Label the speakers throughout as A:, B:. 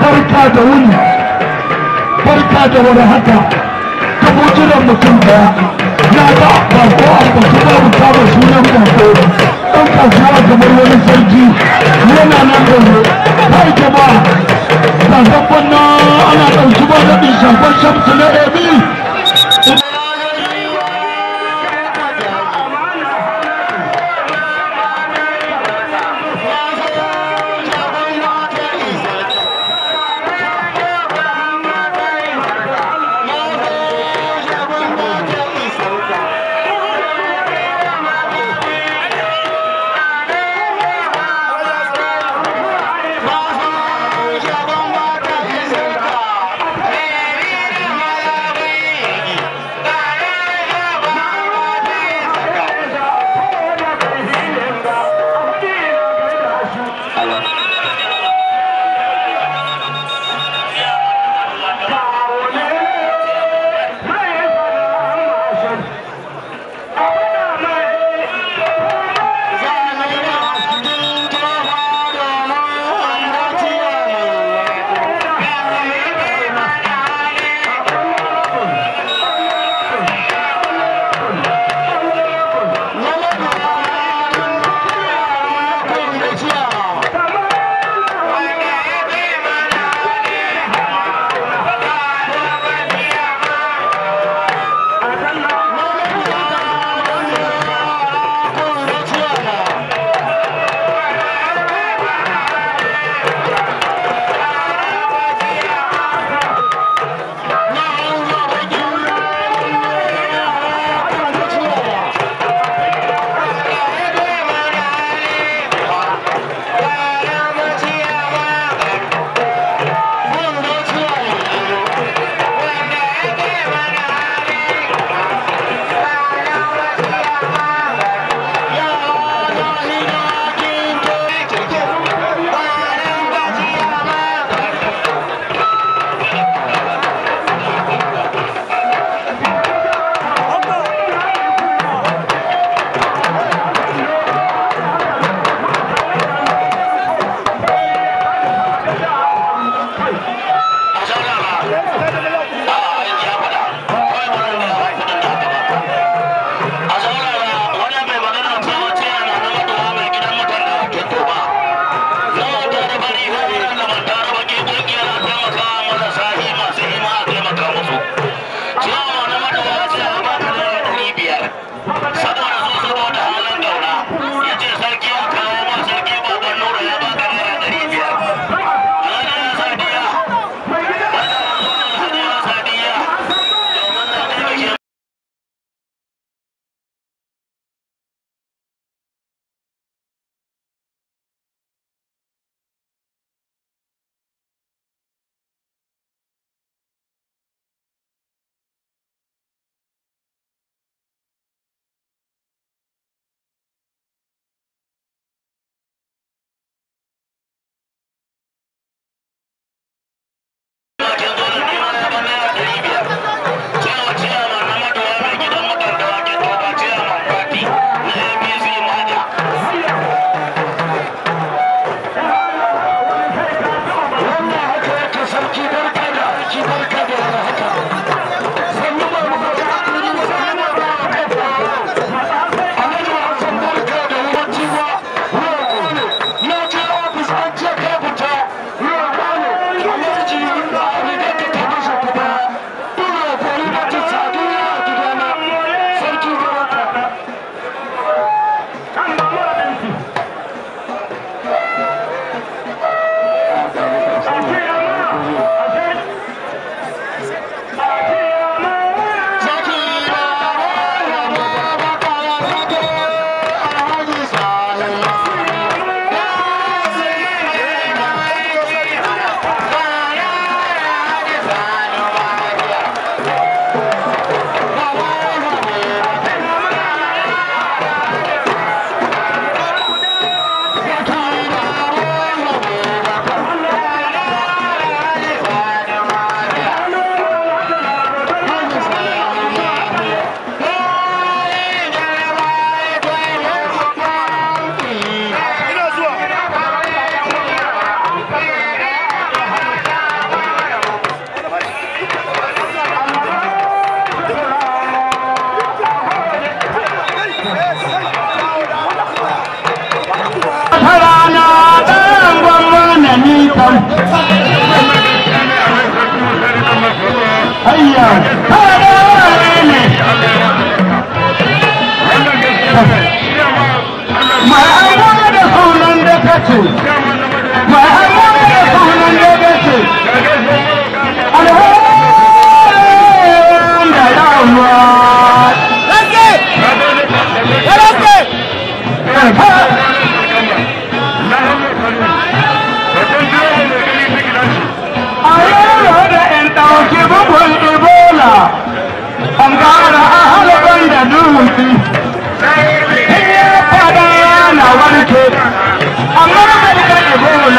A: barka da wuni barka da wani haka ta hotunan mutum daya na ga bako a baki babu ba sunan bako ɗan kasuwa kamar wani sarki yana nan gobe kai jama'a ba zaɓon na ana ɗauki ba da ɗin shafar shamsu na ebi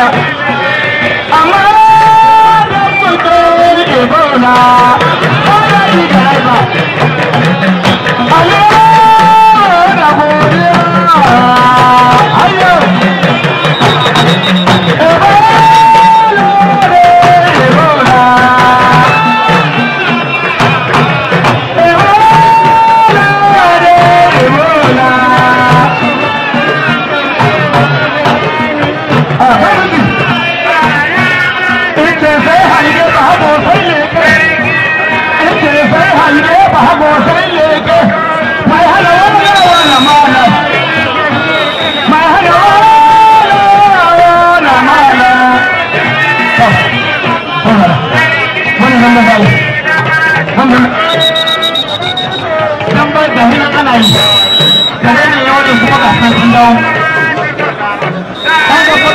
A: I'm Amara, Amara, Amara, Amara,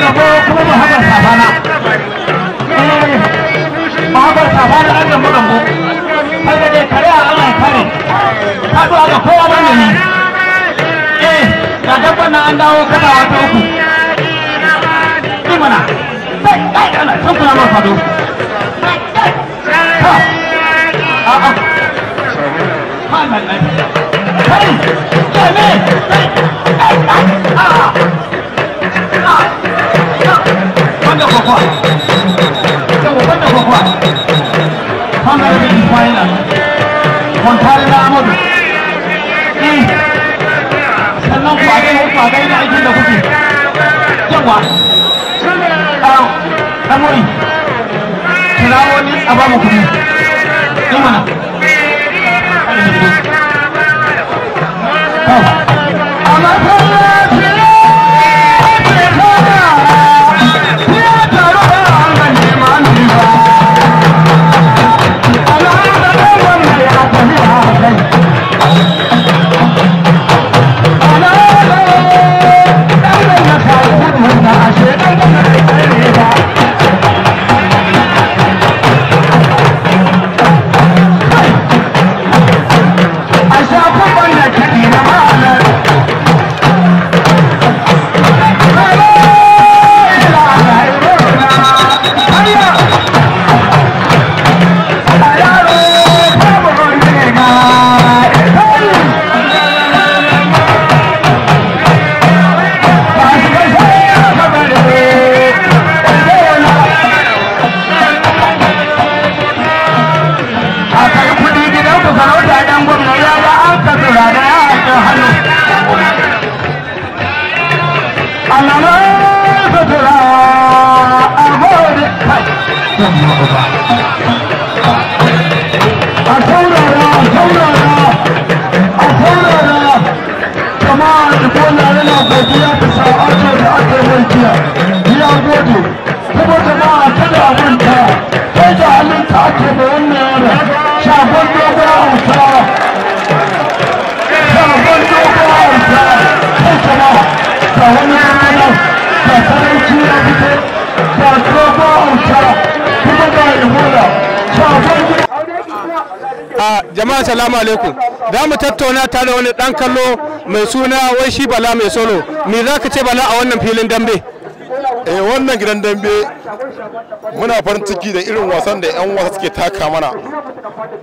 A: rabo kuma muhammad safana muhammad eh, safana an da mugambo haka dai kare a ana kare haɗu a ga kowa ban gani eh ga dabban na an dawo kada wata uku wannan kwakwa yawa wannan kwakwa amadu sannan da kuke a ba mu Attack! jama'a salamu alaikum za mu tattauna tare wani dan kallo mai suna wai shi bala mai solo me za ka ce bala
B: a wannan filin dambe eh wannan gidan dambe muna farin ciki da irin wasan da yan wasa suke taka mana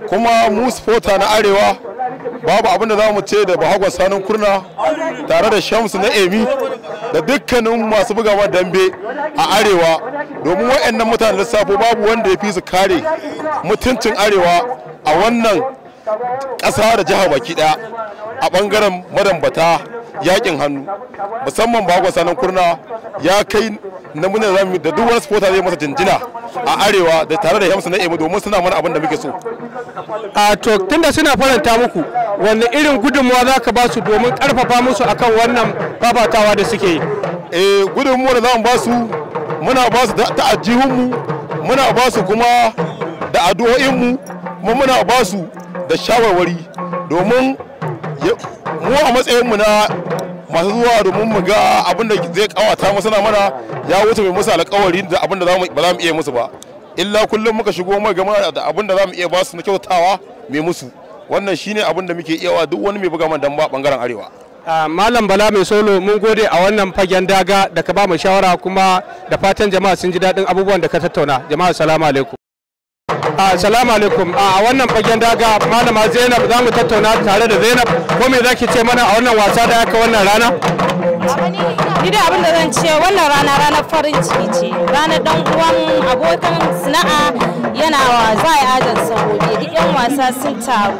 B: kuma mu sporta na arewa babu abin da za mu ce da bahagwa sanin kurna tare da shamsu na emi da dukkanin masu buga bugawa dambe a arewa domin waɗannan mutanen lissafo babu wanda ya fi su kare mutuncin arewa a wannan ƙasa da jiha baki ɗaya a ɓangaren madambata yakin hannu musamman ba sanan kurna ya kai namunan rami da duk wani sporta zai masa jinjina a arewa da tare da yamsu na emu domin suna mana abin da muke so a to tunda suna faranta muku wanne irin gudunmuwa za ka ba su domin karfafa musu akan wannan fafatawa da suke eh gudunmuwa da za mu ba su muna ba su ta muna ba su kuma da addu'o'inmu kuma muna ba su da shawarwari domin mu a matsayinmu na masu zuwa domin mu ga abin da zai kawata mu suna mana ya wuce mai musu alkawari da abin da ba za mu iya musu ba illa kullum muka shigo mai gama da abin da za mu iya ba su na kyautawa mai musu wannan shine abin da muke iyawa duk wani mai buga man dan ba bangaren arewa
A: malam bala mai solo mun gode a wannan fagen daga da ka ba mu shawara kuma da fatan jama'a sun ji daɗin abubuwan da ka tattauna jama'a salamu alaikum Ah, assalamu alaikum ah, a wannan fagen daga malama Zainab za mu tattauna tare da Zainab ko me zaki ce mana a wannan wasa da aka wannan rana? ni abin da zan ce wannan rana ranar farin ciki ce ranar dan uwan abokan sana'a yana wa za a yi ajin saboda duk yan wasa sun taru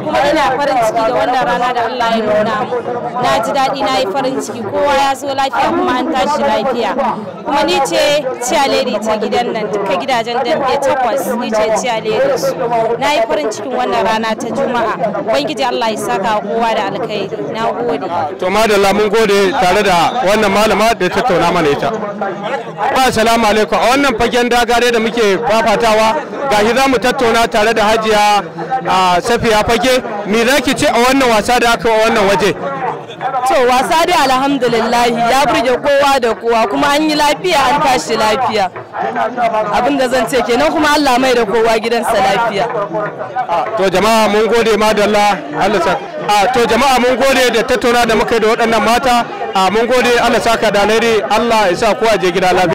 A: kuma ina farin ciki da wannan rana da Allah ya nuna mu na ji daɗi na yi farin ciki kowa ya zo lafiya kuma an tashi lafiya kuma ni ce ciyaledi ta gidan nan duka gidajen dambe takwas ni ce ciyaledi na yi farin cikin wannan rana ta juma'a ubangiji Allah ya saka kowa da alkhairi na gode to madalla mun gode tare da wannan wannan malama da tattauna mana ita ba salamu alaikum a wannan fagen dagare da muke fafatawa gashi za mu tattauna tare da hajiya a safiya fage me za ki ce a wannan wasa da aka wa wannan waje to wasa dai alhamdulillahi ya burge kowa da kowa kuma an yi lafiya an tashi lafiya abin da zan ce kenan kuma Allah mai da kowa gidansa lafiya
B: to jama'a mun gode madalla Allah
A: to jama'a mun gode da tattauna da muka yi da waɗannan mata mun gode Allah saka da Allah ya sa kowa je gida lafiya